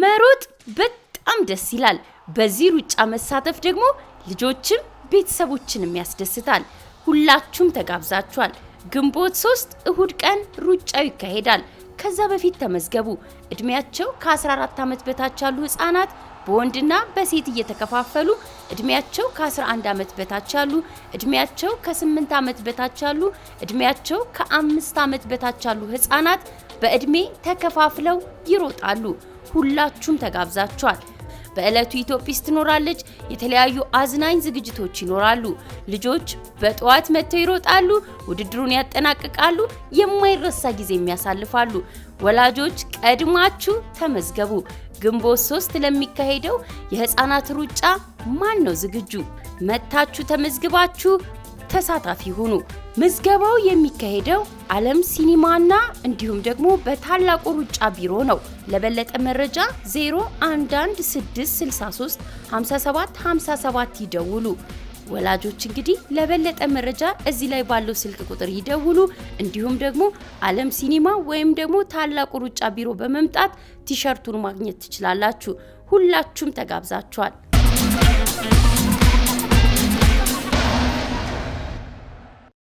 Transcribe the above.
መሮጥ በጣም ደስ ይላል። በዚህ ሩጫ መሳተፍ ደግሞ ልጆችም ቤተሰቦችንም ያስደስታል። ሁላችሁም ተጋብዛችኋል። ግንቦት ሶስት እሁድ ቀን ሩጫው ይካሄዳል። ከዛ በፊት ተመዝገቡ። እድሜያቸው ከ14 ዓመት በታች ያሉ ህጻናት በወንድና በሴት እየተከፋፈሉ እድሜያቸው ከ11 ዓመት በታች ያሉ፣ እድሜያቸው ከ8 ዓመት በታች ያሉ፣ እድሜያቸው ከ5 ዓመት በታች ያሉ ህጻናት በእድሜ ተከፋፍለው ይሮጣሉ። ሁላችሁም ተጋብዛችኋል። በዕለቱ ኢትዮጵስ ትኖራለች። የተለያዩ አዝናኝ ዝግጅቶች ይኖራሉ። ልጆች በጠዋት መጥተው ይሮጣሉ፣ ውድድሩን ያጠናቅቃሉ፣ የማይረሳ ጊዜም ያሳልፋሉ። ወላጆች ቀድማችሁ ተመዝገቡ። ግንቦት ሶስት ለሚካሄደው የህፃናት ሩጫ ማን ነው ዝግጁ? መታችሁ ተመዝግባችሁ ተሳታፊ ሆኑ ምዝገባው የሚካሄደው ዓለም ሲኒማና እንዲሁም ደግሞ በታላቁ ሩጫ ቢሮ ነው። ለበለጠ መረጃ 011663 57 57 ይደውሉ። ወላጆች እንግዲህ ለበለጠ መረጃ እዚህ ላይ ባለው ስልክ ቁጥር ይደውሉ። እንዲሁም ደግሞ ዓለም ሲኒማ ወይም ደግሞ ታላቁ ሩጫ ቢሮ በመምጣት ቲሸርቱን ማግኘት ትችላላችሁ። ሁላችሁም ተጋብዛችኋል።